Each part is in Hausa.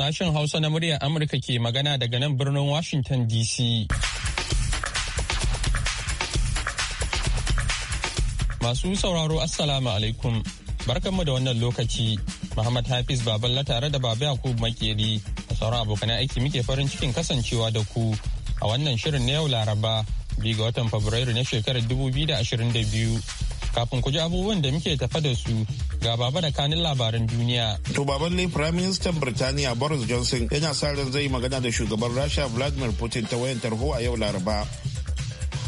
Sashen Hausa na muryar Amurka ke magana daga nan birnin Washington DC. Masu sauraro Assalamu alaikum. Barkanmu da wannan lokaci. Muhammad Hafiz Baballa tare da Baba Yakub Makeri da sauran abokan aiki muke farin cikin kasancewa da ku a wannan shirin na yau Laraba, biyu ga watan Fabrairu na shekarar 2022. Kafin ku ji abubuwan da muke tafa da su ga baba da kanin labaran duniya. To baban ne Prime Minister Birtaniya Boris Johnson yana sa ran zai magana da shugaban Rasha Vladimir Putin ta wayan tarho a yau Laraba.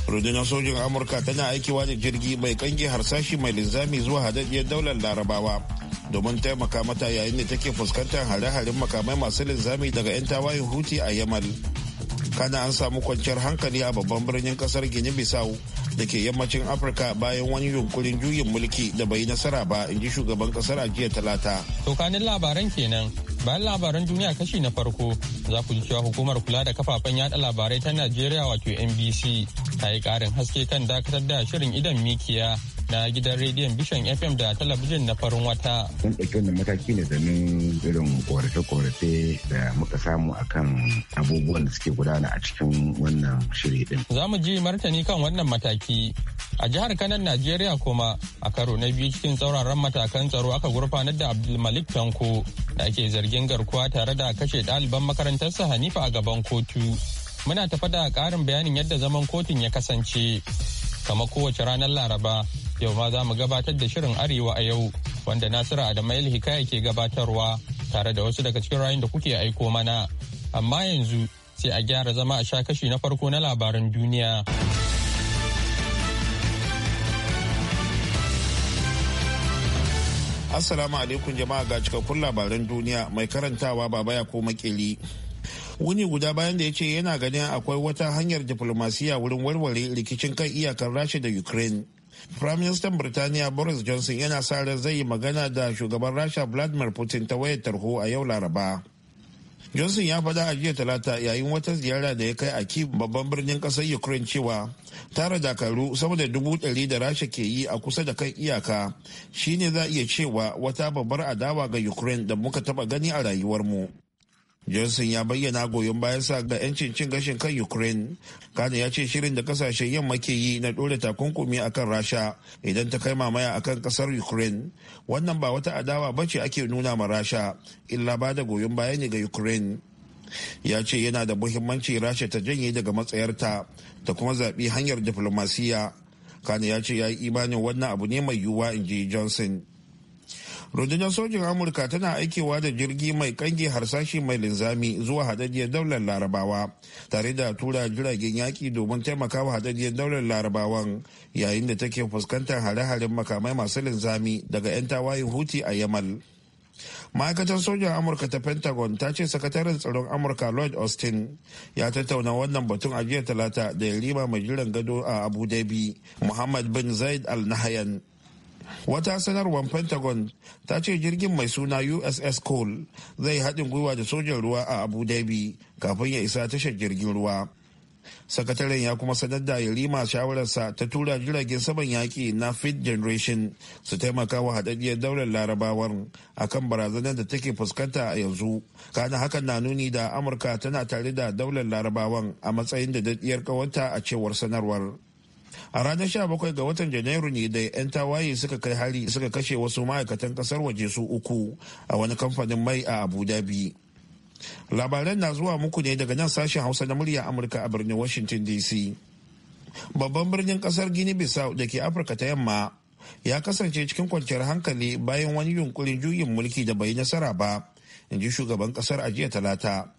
rundunar sojin amurka tana aiki da jirgi mai kange harsashi mai linzami zuwa hadaddiyar daular larabawa domin taimaka mata yayin da take fuskantar hare-haren makamai masu linzami daga 'yan tawayin huti a yamal kana an samu kwanciyar hankali a babban birnin kasar gini bisau da ke yammacin afirka bayan wani yunkurin juyin mulki da bai nasara ba in ji shugaban kasar a jiya talata tokanin labaran kenan bayan labaran duniya kashi na farko za ku ji cewa hukumar kula da kafafen yada labarai ta najeriya wato nbc ta yi karin haske kan dakatar da shirin idan mikiya na gidan rediyon Bishan FM da talabijin na farin wata. Mun ɗauki wannan mataki ne domin irin korafe-korafe da muka samu akan abubuwan da suke gudana a cikin wannan shiri din. Za mu ji martani kan wannan mataki. A jihar Kanan Najeriya kuma a karo na biyu cikin tsauraran matakan tsaro aka gurfanar da Abdulmalik Tanko da ake zargin garkuwa tare da kashe ɗaliban makarantarsa Hanifa a gaban kotu. Muna tafa da ƙarin bayanin yadda zaman kotun ya kasance. Kama kowace ranar Laraba, Yau ma za mu gabatar da shirin Arewa a yau wanda Nasiru Adamayel Hikaya ke gabatarwa tare da wasu daga cikin rayun da kuke aiko mana. Amma yanzu sai a gyara zama a sha kashi na farko na labaran duniya. Assalamu alaikum jama'a ga cikakkun labaran duniya mai karantawa baba ya ko makili. wuni guda bayan da ya ce yana ganin akwai wata hanyar diplomasiya wurin warware rikicin kan iyakar rasha da ukraine Firaministan Birtaniya Boris Johnson yana sa ran zai yi magana da shugaban Rasha Vladimir Putin ta wayar tarho a yau Laraba. Johnson ya faɗa a jiya talata yayin wata ziyara da ya kai a Kiev babban birnin ƙasar Ukraine cewa tara dakaru sama da dubu ɗari da Rasha ke yi a kusa da kan iyaka shine za iya cewa wata babbar adawa ga Ukraine da muka taɓa gani a rayuwarmu. johnson ya bayyana goyon bayan sa ga 'yancin cin gashin kan ukraine kada ya ce shirin da kasashen yamma ke yi na ɗora takunkumi kan rasha idan ta kai mamaya kan kasar ukraine wannan ba wata adawa ba ce ake nuna ma rasha illa ba da goyon baya ne ga ukraine ya ce yana da muhimmanci rasha ta janye daga matsayarta ta kuma zaɓi hanyar diflomasiya kane ya ce ya yi imanin wannan abu ne mai yiwuwa in ji johnson rundunar sojin amurka tana aikewa da jirgi mai kange harsashi mai linzami zuwa hadajiyar daular larabawa tare da tura jiragen yaki domin taimakawa hadajiyar daular larabawan yayin da take fuskantar hare-haren makamai masu linzami daga 'yan tawayin huti a yamal ma'aikatar sojan amurka ta pentagon ta ce sakataren tsaron amurka lloyd austin ya tattauna wannan batun a jiya talata da yarima mai jiran gado a abu dhabi muhammad bin zaid al nahyan wata sanarwar pentagon ta ce jirgin mai suna uss cole zai haɗin gwiwa da sojan ruwa a abu dhabi kafin ya isa tashar jirgin ruwa sakataren ya kuma sanar da yarima shawararsa ta tura jiragen saman yaƙi na fit generation su taimaka wa haɗaɗɗiyar daular larabawar kan barazanar da take fuskanta a yanzu kana hakan na nuni da amurka tana tare da daular larabawan a matsayin da daɗiyar ƙawanta a cewar sanarwar a ranar 17 ga watan janairu ne da 'yan tawaye suka kai hari suka kashe wasu ma'aikatan kasar waje su uku a wani kamfanin mai a abu dhabi labaran na zuwa muku ne daga nan sashen hausa na murya amurka a birnin washington dc babban birnin kasar guinea bissau da ke afirka ta yamma ya kasance cikin kwanciyar hankali bayan wani yunkurin juyin mulki da bai nasara ba in ji shugaban kasar a jiya talata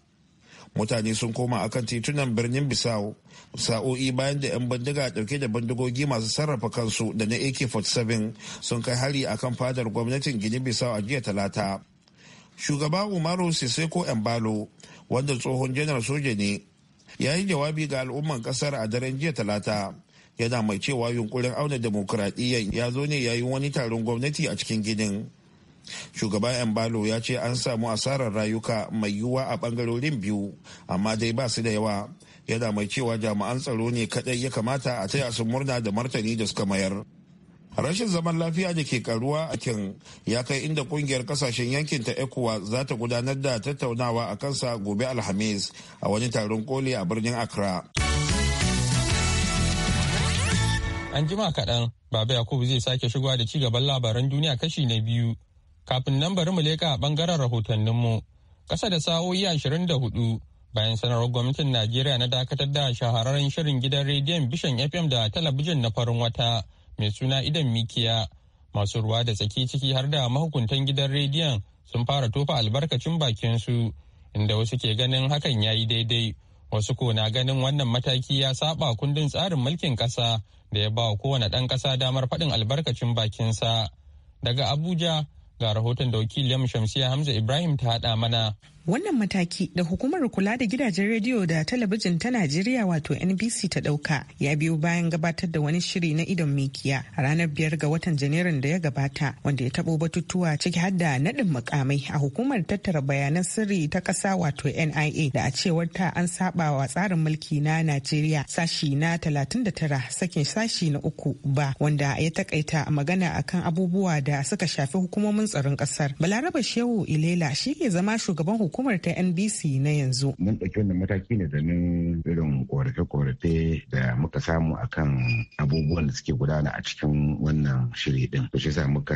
mutane sun koma akan titunan birnin bisau sa'o'i bayan da 'yan bindiga dauke da bindigogi masu sarrafa kansu da na ak-47 sun kai hari akan fadar gwamnatin gini bisau a jiya talata shugaba umaru siseko embalo wanda tsohon janar soja ne ya yi jawabi ga al'umman kasar a daren jiya talata yana mai cewa yunkurin auna demokuraɗiyyar ya zo ne yayin wani taron gwamnati a cikin ginin shugaba embalo ya ce an samu asarar rayuka mai yiwuwa a bangarorin biyu amma dai ba su da yawa yana mai cewa jami'an tsaro ne kadai ya kamata a taya su murna da martani da suka mayar rashin zaman lafiya da ke karuwa a kin ya kai inda kungiyar kasashen yankin ta ecowa za ta gudanar da tattaunawa a kansa gobe alhamis a wani taron koli a birnin accra an jima kaɗan baba yakubu zai sake shigowa da ci gaban labaran duniya kashi na biyu Kafin nan bari mu leƙa a bangaren rahotanninmu. kasa da sa'o'i ashirin da hudu bayan sanarwar gwamnatin Najeriya na dakatar da shahararren shirin gidan rediyon Bishan FM da talabijin na farin wata mai suna Idan Mikiya. Masu ruwa da tsaki ciki har da mahukuntan gidan rediyon sun fara tofa albarkacin su. inda wasu ke ganin hakan ya yi daidai. Wasu ko na ganin wannan mataki ya saba kundin tsarin mulkin ƙasa da ya ba wa kowane ɗan ƙasa damar faɗin albarkacin bakinsa. Daga Abuja, Ga rahoton da wakiliyar Shamsiya Hamza Ibrahim ta haɗa mana. Wannan mataki da hukumar kula da gidajen rediyo da talabijin ta Najeriya wato NBC ta ɗauka ya biyo bayan gabatar da wani shiri na idon mikiya a ranar biyar ga watan Janairun da ya gabata wanda ya taɓo batutuwa ciki har da naɗin mukamai a hukumar tattara bayanan sirri ta ƙasa wato NIA da a cewar ta an saba wa tsarin mulki na Najeriya sashi na talatin da tara sakin sashi na uku ba wanda ya takaita magana akan abubuwa da suka shafi hukumomin tsaron ƙasar. Balaraba Shehu Ilela shi ke zama shugaban hukumar ta NBC na yanzu. Mun ɗauki wannan mataki ne domin irin korafe-korafe da muka samu akan abubuwan da suke gudana a cikin wannan shiri din. To shi sa muka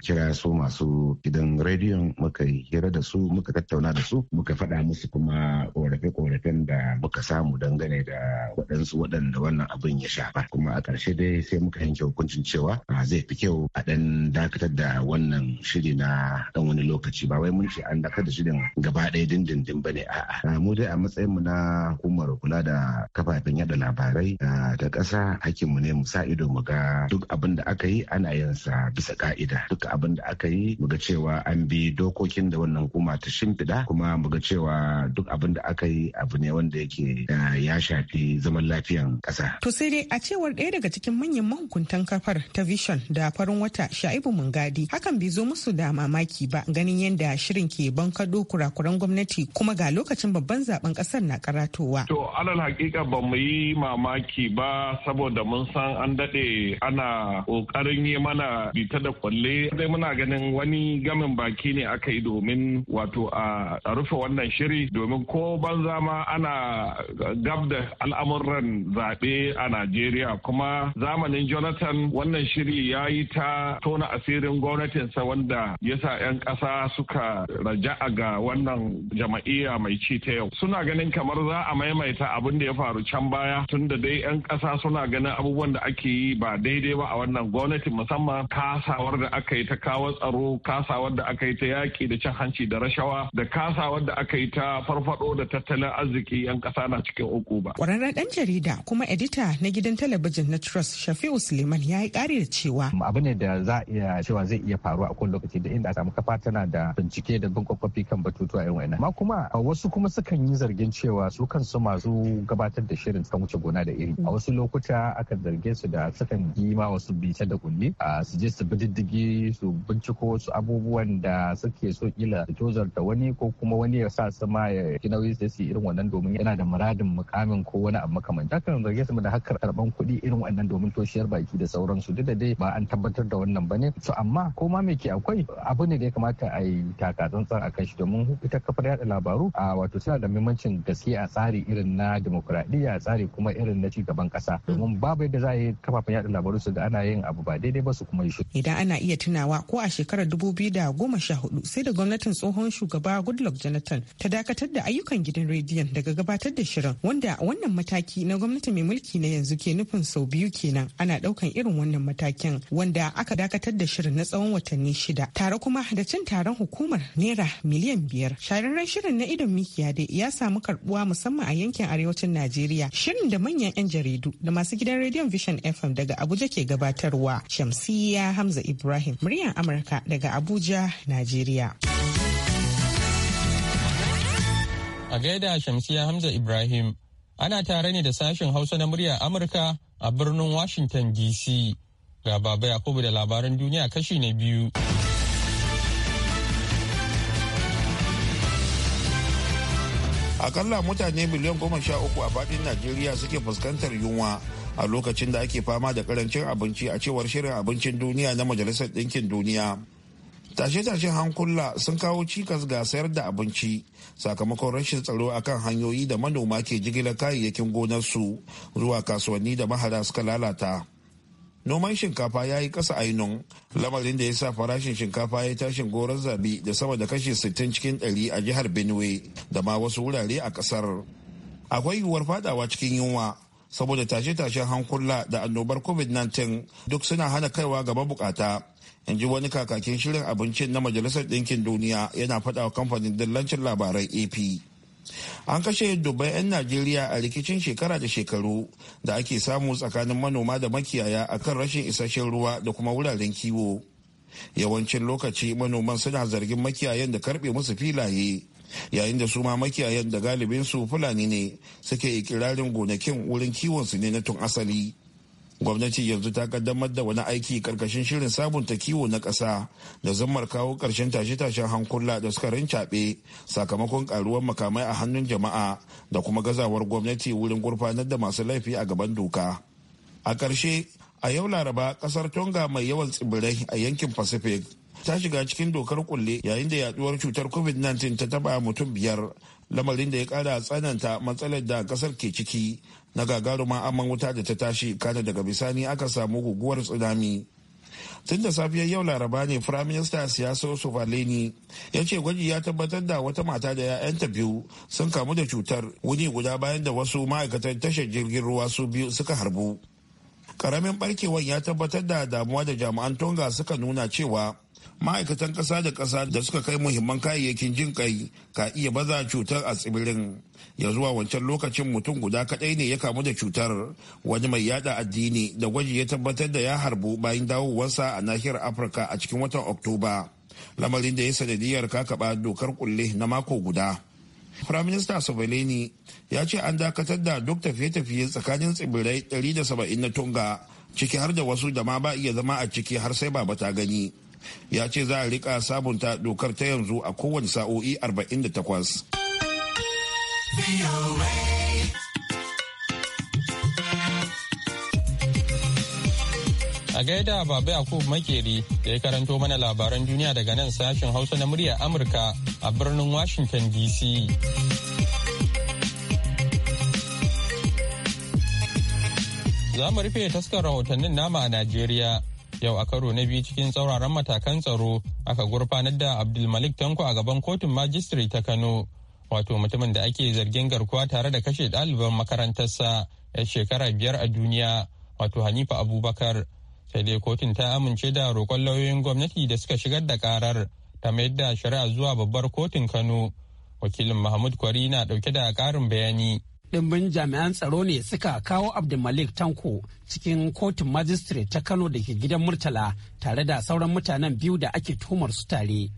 kira su masu gidan rediyon muka hira da su muka tattauna da su muka faɗa musu kuma korafe-korafen da muka samu dangane da waɗansu waɗanda wannan abin ya shafa. Kuma a ƙarshe dai sai muka yanke hukuncin cewa zai fi kyau a ɗan dakatar da wannan shiri na ɗan wani lokaci ba wai mun ce an dakatar da shirin gaba gaba ɗaya dindindin ba ne a'a ah, mu dai a matsayin mu na hukumar kula da kafafen yada labarai da ah, ƙasa mu ne mu sa ido mu ga duk abin da aka yi ana yin sa bisa ka'ida duk abin da aka yi mu ga cewa an bi dokokin da wannan hukuma ta shimfiɗa kuma mu ga cewa duk abin da aka yi abu ne wanda yake ah, ya shafi zaman lafiyan ƙasa. To sai dai a cewar ɗaya daga cikin manyan mahukuntan kafar ta Vision da farin wata Sha'ibu Mungadi hakan bai zo musu da mamaki ba ganin yadda shirin ke bankado kura kurakuran gwamnati kuma ga lokacin babban zaben kasar na karatowa. To alal hakika ba mu yi mamaki ba saboda mun san an dade ana ƙoƙarin yi mana bita da kwalle. Sai muna ganin wani gamin baki ne aka yi domin wato a rufe wannan shiri domin ko banza ma ana gab da al'amuran zaɓe a Najeriya kuma zamanin Jonathan wannan shiri ya yi ta tona asirin gwamnatinsa wanda ya sa 'yan ƙasa suka raja'a ga wannan wannan jama'iyya mai ci ta yau suna ganin kamar za a maimaita abin da ya faru can baya tun da dai 'yan kasa suna ganin abubuwan da ake yi ba daidai ba a wannan gwamnati musamman kasawar da aka yi ta kawo tsaro kasawar da aka yi ta yaƙi da cin hanci da rashawa da kasawar da aka yi ta farfado da tattalin arziki 'yan kasa na cikin uku ba. Ƙwararren ɗan jarida kuma edita na gidan talabijin na Trust Shafi'u Suleiman ya yi ƙari da cewa. Abu ne da za a iya cewa zai iya faruwa a kowane lokaci da inda a samu kafa tana da bincike da bin kwakwafi kan batutu mutuwa irin wa'annan ma kuma wasu kuma sukan yi zargin cewa su kansu masu gabatar da shirin kan wuce gona da iri a wasu lokuta akan zarge su da sukan yi ma wasu bice da kulli a su je su bididdigi. su binciko wasu abubuwan da suke so kila su tozarta wani ko kuma wani ya sa sama ya ki nauyi su irin wannan domin yana da muradin mukamin ko wani abu makamanta kan zarge su da hakar karban kuɗi irin wannan domin toshiyar baki da sauransu duk da dai ba an tabbatar da wannan bane to amma ko ma me ke akwai abu ne da ya kamata a yi taka tsantsan a kan shi domin ita kafar yada labaru a wato suna da muhimmancin gaske a tsari irin na demokuraɗiyya a tsari kuma irin na cigaban ƙasa domin babu yadda za a yi kafafen yada labaru su ga ana yin abu ba daidai ba su kuma yi shi. idan ana iya tunawa ko a shekarar dubu biyu da goma sha hudu sai da gwamnatin tsohon shugaba goodluck jonathan ta dakatar da ayyukan gidan rediyon daga gabatar da shirin wanda wannan mataki na gwamnati mai mulki na yanzu ke nufin sau biyu kenan ana ɗaukan irin wannan matakin wanda aka dakatar da shirin na tsawon watanni shida tare kuma da cin taron hukumar naira miliyan biyar Shahararren shirin na idon mikiya dai ya samu karbuwa musamman a yankin arewacin Najeriya. Shirin da manyan 'yan jaridu da masu gidan rediyon Vision FM daga Abuja ke gabatarwa. Shamsiya Hamza Ibrahim, muryar Amurka daga Abuja, Najeriya. A gaida Shamsiya Hamza Ibrahim, ana tare ne da sashen Hausa na muryar Amurka a birnin Washington DC. Ga Baba Yakubu da labaran duniya kashi na biyu. akalla mutane miliyan goma sha uku a faɗin najeriya suke fuskantar yunwa a lokacin da ake fama da karancin abinci a cewar shirin abincin duniya na majalisar ɗinkin duniya tashe-tashen hankula sun kawo cikas ga sayar da abinci sakamakon rashin tsaro akan hanyoyi da manoma ke jigilar kayayyakin gonarsu zuwa kasuwanni da mahara suka lalata noman shinkafa ya yi kasa ainun lamarin da ya sa farashin shinkafa ya tashin goron zabi da sama da kashi 60 cikin 100 a jihar benue da ma wasu wurare a kasar. akwai yiwuwar fadawa cikin yunwa saboda tashe-tashen hankula da annobar covid-19 duk suna hana kaiwa gaba bukata in ji wani kakakin shirin abincin na majalisar ɗinkin duniya yana faɗawa kamfanin dillancin labarai ap an kashe dubban 'yan najeriya a rikicin shekara da shekaru da ake samu tsakanin manoma da makiyaya a kan rashin isasshen ruwa da kuma wuraren kiwo yawancin lokaci manoman suna zargin makiyayan da karbe musu filaye yayin da su ma makiyayan da galibinsu fulani ne suke ikirarin gonakin wurin kiwonsu ne na tun asali gwamnati yanzu ta kaddamar da wani aiki karkashin shirin sabunta kiwo na ƙasa da zammar kawo ƙarshen tashe-tashen hankula da suka rincaɓe sakamakon karuwar makamai a hannun jama'a da kuma gazawar gwamnati wurin gurfanar da masu laifi a gaban doka a ƙarshe a yau laraba ƙasar tonga mai yawan tsibirai a yankin pacific ta shiga cikin dokar kulle yayin da yaduwar cutar covid-19 ta taba mutum biyar lamarin da ya kara tsananta matsalar da kasar ke ciki na gagaruma amman wuta da ta tashi kada daga bisani aka samu guguwar tsunami tun da safiyar yau laraba ne firaminista siyasa sovaleni ya ce gwaji ya tabbatar da wata mata da 'ya'yanta biyu sun kamu da cutar wuni guda bayan da wasu ma'aikatan tashar jirgin ruwa su biyu suka harbu karamin barkewan ya tabbatar da damuwa da jami'an tonga suka nuna cewa ma'aikatan kasa da kasa da suka kai muhimman kayayyakin jin kai ka iya baza cutar a tsibirin ya zuwa wancan lokacin mutum guda kadai ne ya kamu da cutar wani mai yada addini da gwaji ya tabbatar da ya harbu bayan dawowarsa a nahiyar afirka a cikin watan oktoba lamarin da ya sanadiyar kakaba dokar kulle na mako guda firaminista sobeleni ya ce an dakatar da duk tafiye-tafiye tsakanin tsibirai 170 na tunga ciki har da wasu da ma ba iya zama a ciki har sai ba ta gani ya ce za a rika sabunta dokar ta yanzu a kowane sa'o'i 48 a gaida baba yakub makeri da ya karanto mana labaran duniya daga nan sashen hausa na murya amurka a birnin washington dc za mu rufe taskar rahotannin nama a najeriya yau a karo na biyu cikin tsauraran matakan tsaro aka gurfanar da abdulmalik tanko a gaban kotun majistri ta kano wato mutumin da ake zargin garkuwa tare da kashe ɗaliban makarantarsa ya shekara biyar a duniya wato hanifa abubakar sai dai kotun ta amince da roƙon lauyoyin gwamnati da suka shigar da karar ta mayar da shari'a zuwa babbar kotun kano wakilin mahmud kwari na ɗauke da ƙarin bayani ɗimbin jami'an tsaro ne suka kawo abdulmalik tanko cikin kotun majistare ta kano da ke gidan murtala tare da sauran mutanen biyu da ake tuhumar su tare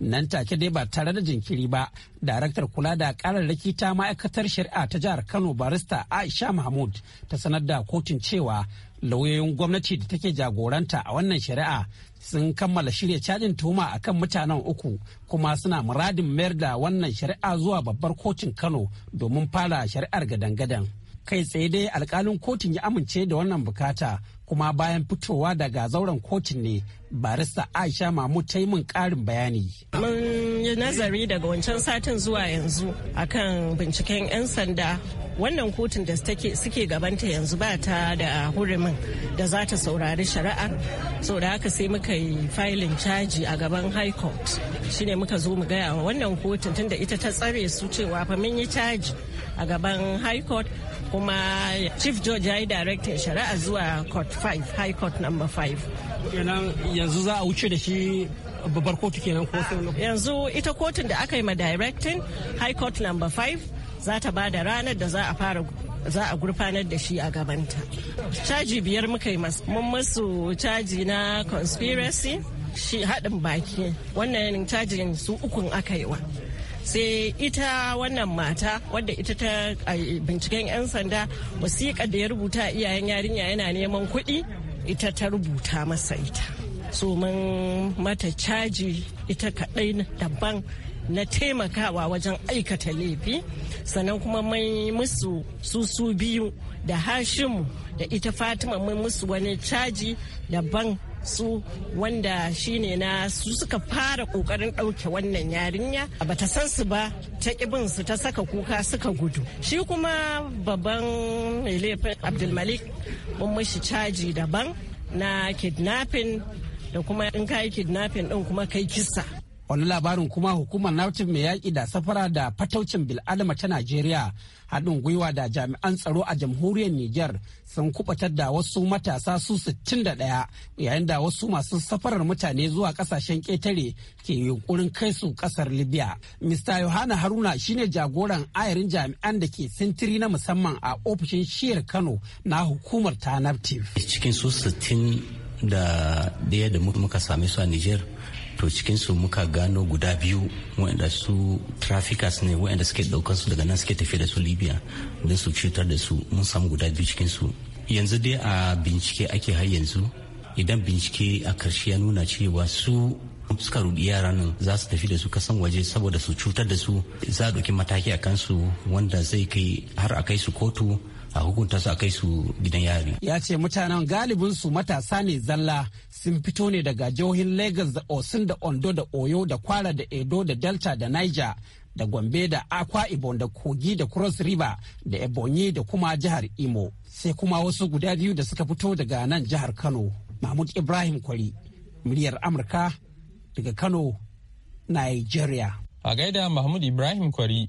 nan take dai ba tare da jinkiri ba daraktar kula da kararraki ta ma'aikatar shari'a ta jihar kano barista aisha mahmud ta sanar da kotun cewa lauyoyin gwamnati da take jagoranta a wannan shari'a sun kammala shirya cajin tuhuma kan mutanen uku kuma suna muradin mayar da wannan shari'a zuwa babbar kotun kano domin fara shari'ar gadan-gadan kai tsaye dai alkalin kotun ya amince da wannan bukata kuma bayan fitowa daga zauren kotun ne barista aisha mamu ta yi min karin bayani mun yi nazari daga wancan satin zuwa yanzu akan binciken 'yan sanda wannan kotun da suke gabanta yanzu ba ta da hurumin da za ta saurari shari'a so da haka sai muka yi filin caji a gaban high court shine muka zo mu gaya wa wannan kotun tunda ita ta tsare su cewa fa mun yi caji a gaban high court kuma chief George ya yi director shari'a zuwa court 5 high court number 5 kenan yanzu za a wuce da shi babbar kotu kenan ko yanzu ita kotun da aka yi ma directing high court number 5 za ta ba da ranar da za a fara za a gurfanar da shi a gabanta caji biyar muka yi mun musu caji na conspiracy shi haɗin baki wannan cajin su ukun aka yi wa sai ita wannan mata wadda ita ta binciken 'yan sanda wasiƙa da ya rubuta iyayen yarinya yana neman kuɗi ita ta rubuta masa ita so mun mata caji ita kaɗai daban na taimakawa wajen aikata laifi sannan kuma mai musu susu biyu da hashimu da ita fatima mai musu wani caji daban su wanda shine na su suka fara kokarin ɗauke wannan yarinya ba ta san su ba ta kibin su ta saka kuka suka gudu shi kuma babban mai laifin abdulmalik mun mashi caji daban na kidnapping da kuma in kayi kidnapping din kuma kai kisa wani labarin kuma hukumar nautin mai yaƙi da safara da fataucin bil'adama ta najeriya haɗin gwiwa da jami'an tsaro a jamhuriyar niger sun kubatar da wasu matasa su 61 yayin da wasu masu safarar mutane zuwa ƙasashen ƙetare ke yunkurin kai su ƙasar libya mr yohana haruna shine jagoran ayarin jami'an da ke sintiri na musamman a ofishin shiyar kano na hukumar ta cikin su 60 da da muka same su a niger to cikinsu muka gano guda biyu waɗanda su traffickers ne waɗanda suke ɗaukar su daga nan suke tafi da su libya don su cutar da su mun samu guda biyu cikinsu yanzu dai a bincike ake har yanzu idan bincike a karshe ya nuna cewa su suka rudi yara nan za su tafi da su kasan waje saboda su cutar da su za a ɗauki mataki a kansu wanda zai kai har a kai su kotu a hukunta su a kai su gidan yari. Ya ce mutanen galibin su matasa ne zalla sun fito ne daga jihohin Lagos da Osun da Ondo da Oyo da Kwara da Edo da Delta da Niger da Gombe da Akwa Ibom da Kogi da Cross River da Ebonyi da kuma jihar Imo. Sai kuma wasu guda biyu da suka fito daga nan jihar Kano. Mahmud Ibrahim Kwari, muryar Amurka daga Kano, Nigeria. A gaida Mahmud Ibrahim Kwari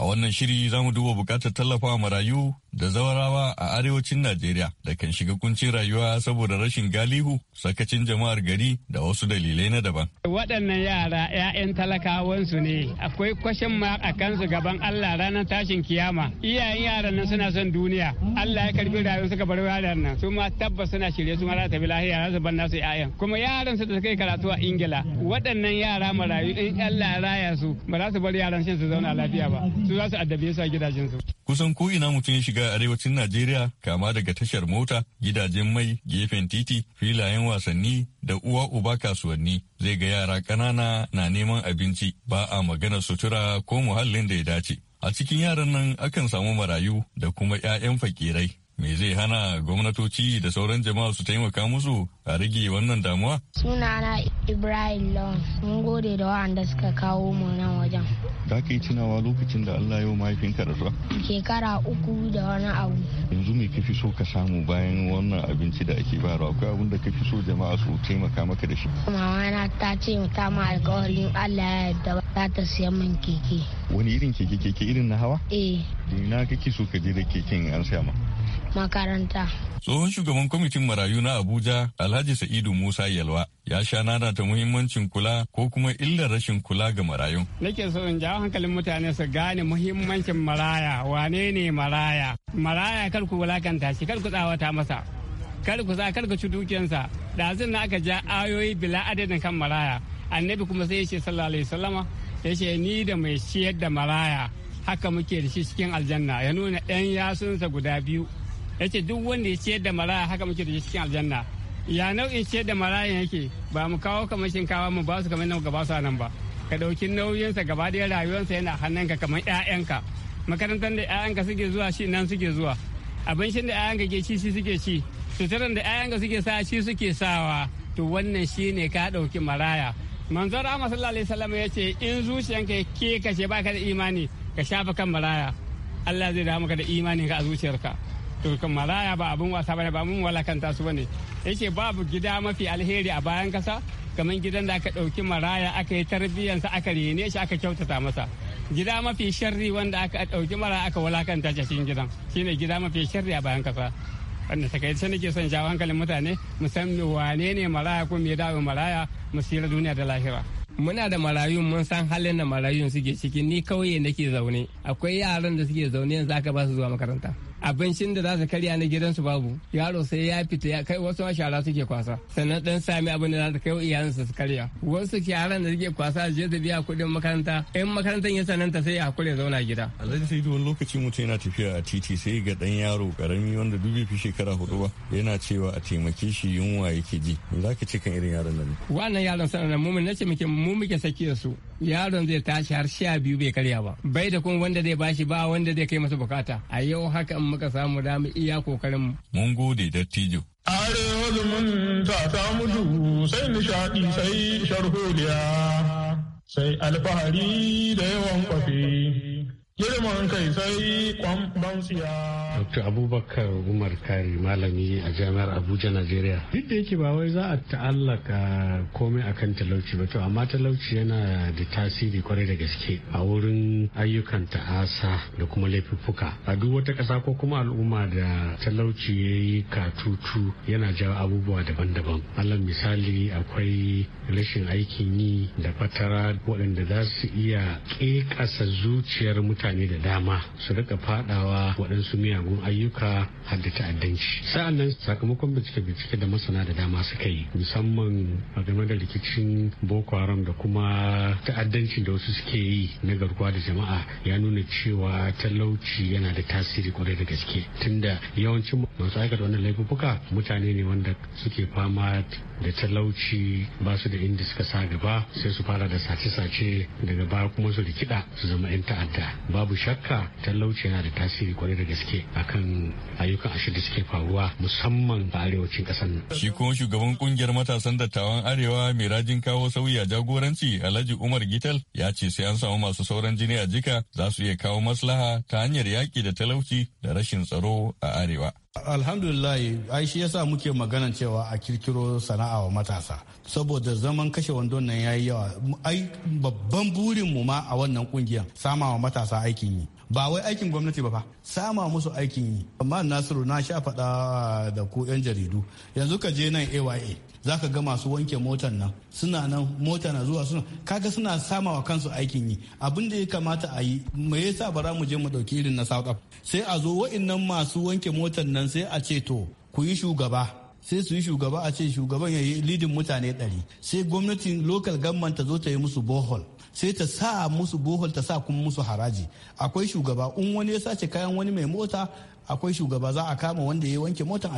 A wannan shiri za mu duba bukatar tallafawa marayu da zawarawa a arewacin Najeriya da kan shiga kuncin rayuwa saboda rashin galihu, sakacin jama'ar gari da wasu dalilai na daban. Waɗannan yara 'ya'yan talakawansu ne, akwai kwashin ma a kansu gaban Allah ranar tashin kiyama. Iyayen yaran nan suna son duniya, Allah ya karbi rayuwar suka bar yaran nan, su ma tabbas suna shirye su mara ta bi lahiya za su bar nasu 'ya'yan. Kuma yaran su da suka yi karatu a Ingila, waɗannan yara marayu in Allah ya raya su ba za su bar yaran shi su zauna lafiya ba. su za su addabe gidajensu. Kusan ko mutum ya shiga arewacin Najeriya kama daga tashar mota, gidajen mai, gefen titi, filayen wasanni da uwa uba kasuwanni zai ga yara ƙanana na neman abinci ba a maganar sutura ko muhallin da ya dace. A cikin yaran nan akan samu marayu da kuma 'ya'yan fakirai. Me zai hana gwamnatoci da sauran jama'a su taimaka musu a rage wannan damuwa? na Ibrahim Lawan, mun gode da wa'anda suka kawo mu nan wajen. Da ka yi tunawa lokacin da Allah yau mahaifinka da zuwa Shekara uku da wani abu. Yanzu me kafi so ka samu bayan wannan abinci da ake bayarwa? Akwai abin da kafi so jama'a su taimaka maka da shi? Mama na ta ce ta ma alƙawarin Allah ya yarda za ta siya min keke. Wani irin keke keke irin na hawa? Eh. Ina kake so ka je da keken an siya ma? Makaranta. Tsohon shugaban kwamitin marayu na Abuja, Alhaji Alhaji Sa'idu Musa Yalwa ya sha nada ta muhimmancin kula ko kuma illar rashin kula ga marayun. Nake so in jawo hankalin mutane su gane muhimmancin maraya wane ne maraya. Maraya kar ku wulakanta shi kar ku tsawata masa. Kar ku sa kar ku ci dukiyansa. Da zin na aka ja ayoyi bila adadin kan maraya. Annabi kuma sai ya ce sallallahu alaihi wasallama ya ce ni da mai ciyar da maraya haka muke da shi cikin aljanna ya nuna ɗan yasunsa guda biyu. Ya ce duk wanda ya ciyar da maraya haka muke da shi cikin aljanna. ya nau'in ce da marayan yake ba mu kawo kamar shinkawa mu ba su kamar nan gaba su nan ba ka ɗauki nauyinsa gaba ɗaya rayuwarsa yana ka kamar 'ya'yanka makarantar da 'ya'yanka suke zuwa shi nan suke zuwa abincin da 'ya'yanka ke ci shi suke ci suturan da 'ya'yanka suke sa shi suke sawa to wannan shi ne ka ɗauki maraya manzon rahama sallallahu alaihi wasallam ya ce in zuciyanka ke kashe baka da imani ka shafa kan maraya Allah zai dawo maka da imanin ka a zuciyarka to kan maraya ba abin wasa bane ba mun walakanta su bane yace babu gida mafi alheri a bayan kasa kamar gidan da aka dauki maraya aka yi sa aka rene shi aka kyautata masa gida mafi sharri wanda aka dauki maraya aka walakanta shi cikin gidan shine gida mafi sharri a bayan kasa wanda takaice nake son jawo hankalin mutane mu san wane ne maraya ko me dawo maraya mu sira duniya da lahira muna da marayun mun san halin da marayun suke ciki ni kauye nake zaune akwai yaran da suke zaune yanzu aka ba su zuwa makaranta abincin da za su karya na gidansu babu yaro sai ya fita ya kai wasu shara suke kwasa sannan dan sami abin da za su kai wa su karya wasu yaran da suke kwasa je su biya kuɗin makaranta in makarantar ya sananta sai ya hakure zauna gida alhaji sai wani lokaci mutum yana tafiya a titi sai ga dan yaro karami wanda dubi fi shekara hudu ba yana cewa a taimake shi yunwa yake ji za ka ce kan irin yaron nan wannan yaron sanar mu na ce muke mu muke saki da su yaron zai tashi har sha biyu bai karya ba bai da kuma wanda zai bashi ba wanda zai kai masa bukata a yau haka in muka samu damu iya kokarin mu mun gode dattijo are zumunta ta mutu sai nishadi sai sharholiya sai alfahari da yawan kwafi girman kai sai kwamban siya. Dr. Abubakar Umar Kari malami a jami'ar Abuja Najeriya. Duk da yake ba wai za a ta'allaka komai akan talauci ba to amma talauci yana da tasiri kwarai da gaske a wurin ayyukan ta'asa da kuma laifuffuka. A duk wata ƙasa ko kuma al'umma da talauci ya yi katutu yana jawo abubuwa daban-daban. Alal misali akwai rashin aikin yi da fatara waɗanda za su iya ƙeƙasa zuciyar mutane da dama su rika faɗawa waɗansu miyagun shagun ayyuka har ta'addanci sa'an nan sakamakon bincike bincike da masana da dama suka yi musamman a game da rikicin boko haram da kuma ta'addanci da wasu suke yi na garkuwa da jama'a ya nuna cewa talauci yana da tasiri kwarai da gaske tunda yawancin masu aikata wannan laifuka mutane ne wanda suke fama da talauci ba su da inda suka sa gaba sai su fara da sace-sace daga baya kuma su rikida su zama 'yan ta'adda babu shakka talauci yana da tasiri kwarai da gaske akan ayyukan ashirin da suke faruwa musamman a arewacin kasar nan. Shi kuma shugaban kungiyar matasan dattawan arewa mai rajin kawo sauyi a jagoranci Alhaji Umar Gital ya ce sai an samu masu sauran jini a jika za su iya kawo maslaha ta hanyar yaƙi da talauci da rashin tsaro a arewa. alhamdulillah ai shi yasa muke magana cewa a kirkiro sana'a wa matasa saboda zaman kashe wandon nan yayi yawa ai babban burin mu ma a wannan kungiyar sama wa matasa aikin yi ba wai aikin gwamnati ba fa sama musu aikin yi amma nasiru na sha faɗa da ku yan jaridu yanzu ka je nan aya za ka ga masu wanke motar nan suna nan mota na zuwa suna kaga suna sama wa kansu aikin yi abin da ya kamata a yi me yasa ba za mu je mu ɗauki irin na south sai a zo wa'innan masu wanke motar nan sai a ce to ku yi shugaba sai su yi shugaba a ce shugaban ya yi lidin mutane ɗari sai gwamnatin local government ta zo ta yi musu borehole. sai ta sa musu bohol ta sa kuma musu haraji akwai shugaba in wani ya sace kayan wani mai mota akwai shugaba za a kama wanda ya wanke motan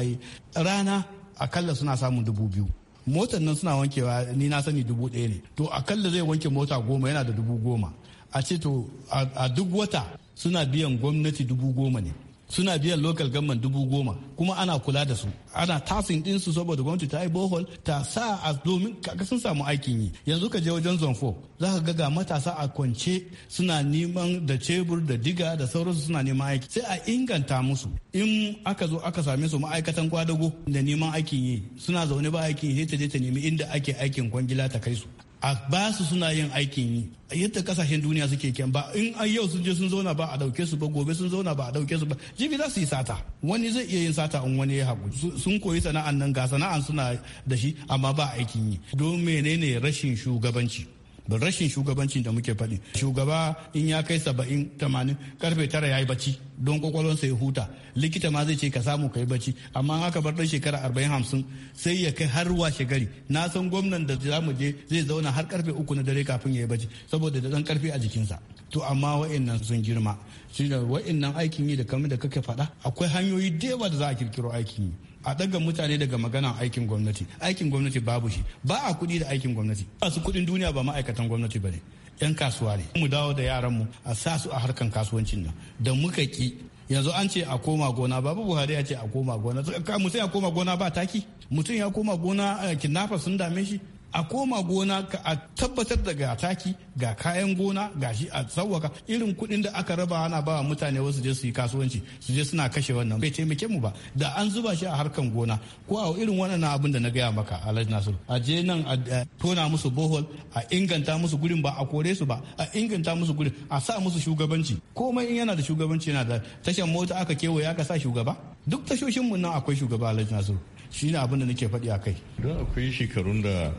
a rana akalla suna samun dubu biyu motan nan suna wankewa ni na sani dubu ɗaya ne to akalla zai wanke mota goma yana da dubu goma a ce to a duk wata suna biyan gwamnati dubu goma ne suna biyan local government dubu goma kuma ana kula da su ana tasin ɗinsu saboda gwamnati ta yi bohol ta sa a domin kaga sun samu aikin yi yanzu ka je wajen zonfo za ka ga matasa a kwance suna neman da cebur da diga da sauransu suna neman aiki sai a inganta musu in aka zo aka same su ma'aikatan kwadago da neman aikin yi suna zaune ba aikin yi ta je ta nemi inda ake aikin kwangila ta kai su a ba su suna yin aikin yi a yadda kasashen duniya suke kyan ba in an yau sun je sun zauna ba a dauke su ba gobe sun zauna ba a dauke su ba jibi za su yi sata wani zai iya yin sata in wani ya haku sun koyi sana'an nan ga sana'an suna da shi amma ba aikin yi don menene rashin shugabanci rashin shugabancin da muke faɗi shugaba in ya kai saba'in tamanin karfe tara ya yi bacci don kwakwalonsa ya huta likita ma zai ce ka samu ka yi bacci amma aka bar ɗan shekara arba'in hamsin sai ya kai har washe gari na san gwamnan da za mu je zai zauna har karfe uku na dare kafin ya yi bacci saboda da ɗan karfi a jikinsa to amma wa'annan sun girma shi da wa'annan aikin yi da kamar da kake faɗa akwai hanyoyi da yawa da za a kirkiro aikin yi a daga mutane daga magana aikin gwamnati aikin gwamnati babu shi ba a kuɗi da aikin gwamnati masu kuɗin duniya ba ma'aikatan gwamnati ba ne yan kasuwa ne mu dawo da yaran mu a sa su a harkan kasuwancin nan da muka ki yanzu an ce a koma gona babu buhari ya ce a koma gona mutum ya koma gona ba taki mutum ya koma gona eh, kidnapper sun dame shi a koma gona ka a tabbatar da ga taki ga kayan gona ga shi a tsawaka irin kuɗin da aka raba ana ba mutane wasu je su yi kasuwanci su je suna kashe wannan bai taimake mu ba da an zuba shi a harkan gona ko a irin wannan abin da na gaya maka alhaji nasiru a je nan a tona musu bohol a inganta musu gurin ba a kore su ba a inganta musu gurin a sa musu shugabanci komai in yana da shugabanci yana da tashar mota aka kewaye aka sa shugaba duk tashoshin mu nan akwai shugaba alhaji nasiru shine abin da nake faɗi a kai don akwai shekarun da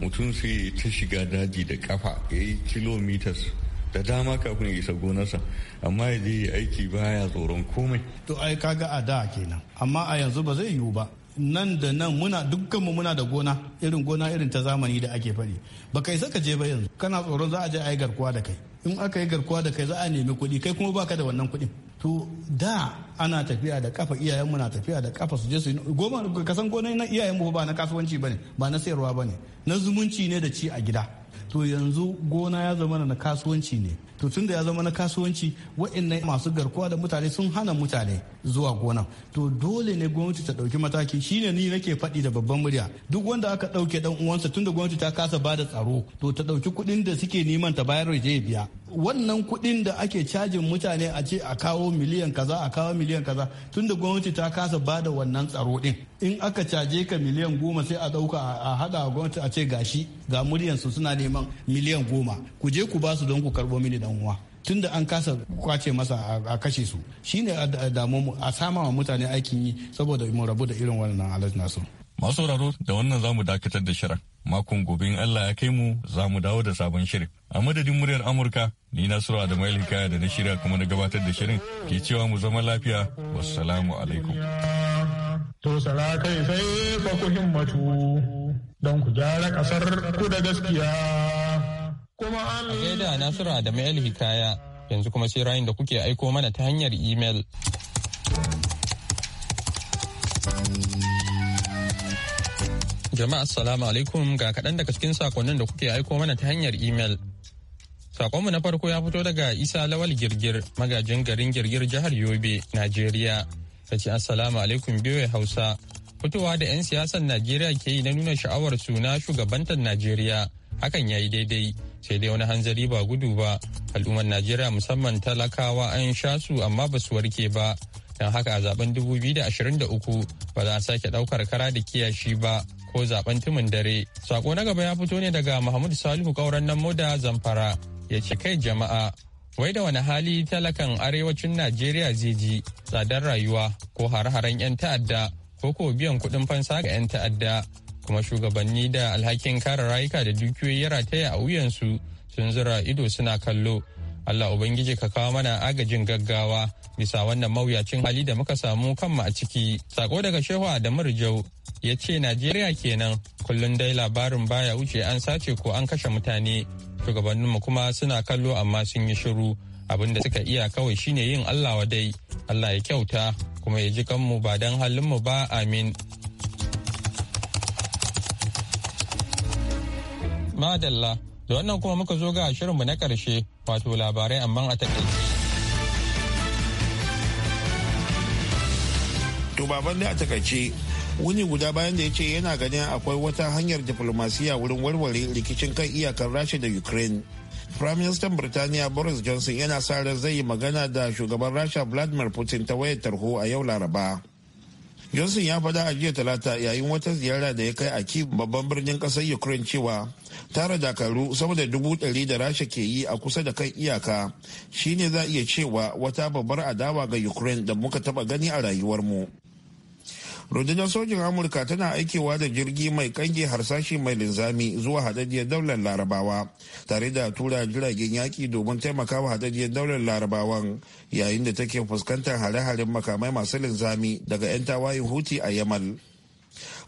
mutum sai ta shiga daji da kafa ya yi kilomitas da dama kafin ya isa gonarsa amma ya je aiki baya tsoron komai to ai ga a da kenan amma a yanzu ba zai yiwu ba nan da nan muna dukkanmu muna da gona irin gona irin ta zamani da ake fari ba kai saka je ba yanzu kana tsoron za a je a yi garkuwa da kai in aka yi garkuwa da kai za a nemi kuɗi kai kuma baka da wannan kuɗin to da ana tafiya da kafa iyayenmu na tafiya da kafa su je su goma kasan gonai na iyayenmu ba na kasuwanci bane ba na sayarwa bane na zumunci ne da ci a gida to yanzu gona ya zama na kasuwanci ne to tun da ya zama na kasuwanci wa'annan masu garkuwa da mutane sun hana mutane zuwa gona to dole ne gwamnati ta ɗauki mataki shine ni nake faɗi da babban murya duk wanda aka ɗauke dan uwansa tunda da gwamnati ta kasa ba da tsaro to ta ɗauki kuɗin da suke neman ta bayar ya biya wannan kuɗin da ake cajin mutane a ce a kawo miliyan kaza a kawo miliyan kaza tunda gwamnati ta kasa ba da wannan tsaro din in aka caje ka miliyan goma sai a ɗauka a haɗa gwamnati a ce gashi ga su suna neman miliyan goma ku je ku ba su don ku karɓo mini dan uwa tunda an kasa kwace masa a kashe su shine a damu a sama mutane aikin yi saboda mu rabu da irin wannan alhaji nasu Masu sauraro da wannan za mu dakatar da shirin. Makon gobe in Allah ya kai mu za mu dawo da sabon shirin. A madadin muryar Amurka, ni Nasiru Adamu Hikaya da na shirya kuma na gabatar da shirin ke cewa mu zama lafiya. Wassalamu alaikum. To sala kai sai fa ku himmatu don ku gyara kasar ku da gaskiya. Kuma A gaida Nasiru Adamu Hikaya yanzu kuma sai rayun da kuke aiko mana ta hanyar imel. Jama'a assalamu alaikum ga kaɗan daga cikin sakonnin da kuke aiko mana ta hanyar imel. Sakonmu na farko ya fito daga Isa Lawal Girgir, magajin garin Girgir jihar Yobe, Najeriya. Ta ce assalamu alaikum biyoyi Hausa. Fitowa da 'yan siyasar Najeriya ke yi na nuna sha'awar su na shugabantar Najeriya. Hakan ya yi daidai, sai dai wani hanzari ba gudu ba. Al'ummar Najeriya musamman talakawa an sha su amma ba su warke ba. Don haka a zaben uku ba za a sake ɗaukar kara da kiyashi ba ko zaben timin dare. Sako na gaba ya fito ne daga mahmud Salihu kauran nan moda Zamfara ya ce kai jama'a. Wai da wani hali talakan arewacin Najeriya zai ji tsadar rayuwa ko har-haren 'yan ta'adda ko ko biyan kuɗin fansa ga 'yan ta'adda kuma shugabanni da alhakin kare rayuka da dukiyoyi ya rataya a wuyansu sun zura ido suna kallo Allah Ubangiji ka kawo mana agajin gaggawa bisa wannan mawuyacin hali da muka samu kanmu a ciki. Sako daga Shehu Adamu Murjau ya ce Najeriya kenan kullum dai labarin baya wuce an sace ko an kashe mutane. Shugabanninmu kuma suna kallo amma sun yi shiru. Abin da suka iya kawai shine yin Allah wa dai. Allah ya kyauta kuma ya ji kanmu ba don halinmu ba amin. Madalla Da wannan kuma muka zo ga shirinmu na ƙarshe wato labarai amma a takaice. To baban da a takaice wuni guda bayan da ya ce yana ganin akwai wata hanyar diplomasiya wurin warware rikicin kan iyakar Rasha da Ukraine. Prime Minister Birtaniya Boris Johnson yana sa ran zai yi magana da shugaban Rasha Vladimir Putin ta wayar tarho a yau Laraba. johnson ya faɗa a jiya talata yayin wata ziyara da ya kai a kiev babban birnin ƙasar ukraine cewa tara dakaru sama da dubu ɗari da rasha ke yi a kusa da kan iyaka shine za a iya cewa wata babbar adawa ga ukraine da muka taba gani a rayuwarmu rundunar sojin amurka tana aikewa da jirgi mai kange harsashi mai linzami zuwa hadajiyar daular larabawa tare da tura jiragen yaki domin taimakawa hadajiyar daular larabawan yayin da take fuskantar hare-haren makamai masu linzami daga 'yan tawayin huti a yamal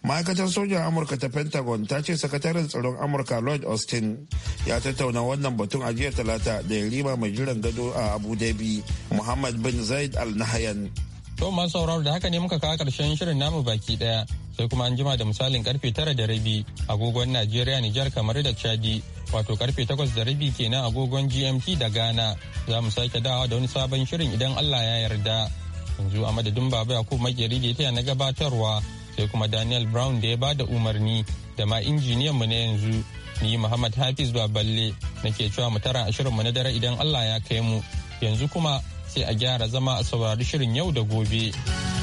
ma'aikatar sojan amurka ta pentagon ta ce sakataren tsaron amurka lloyd austin ya tattauna wannan batun a jiya talata da yarima mai jiran gado a abu dhabi muhammad bin zaid al nahyan To masu sauraro da haka ne muka kawo karshen shirin namu baki daya sai kuma an jima da misalin karfe tara da rabi agogon Najeriya Nijar kamar da Chadi wato karfe takwas da rabi kenan agogon GMT da Ghana za mu sake dawa da wani sabon shirin idan Allah ya yarda. Yanzu a madadin Baba Yakub Makeri da ita na gabatarwa sai kuma Daniel Brown da ya ba da umarni da ma injiniyan mu na yanzu ni Muhammad Hafiz Baballe nake cewa mu tara a shirin mu na dare idan Allah ya kai mu yanzu kuma sai a gyara zama a saurari shirin yau da gobe.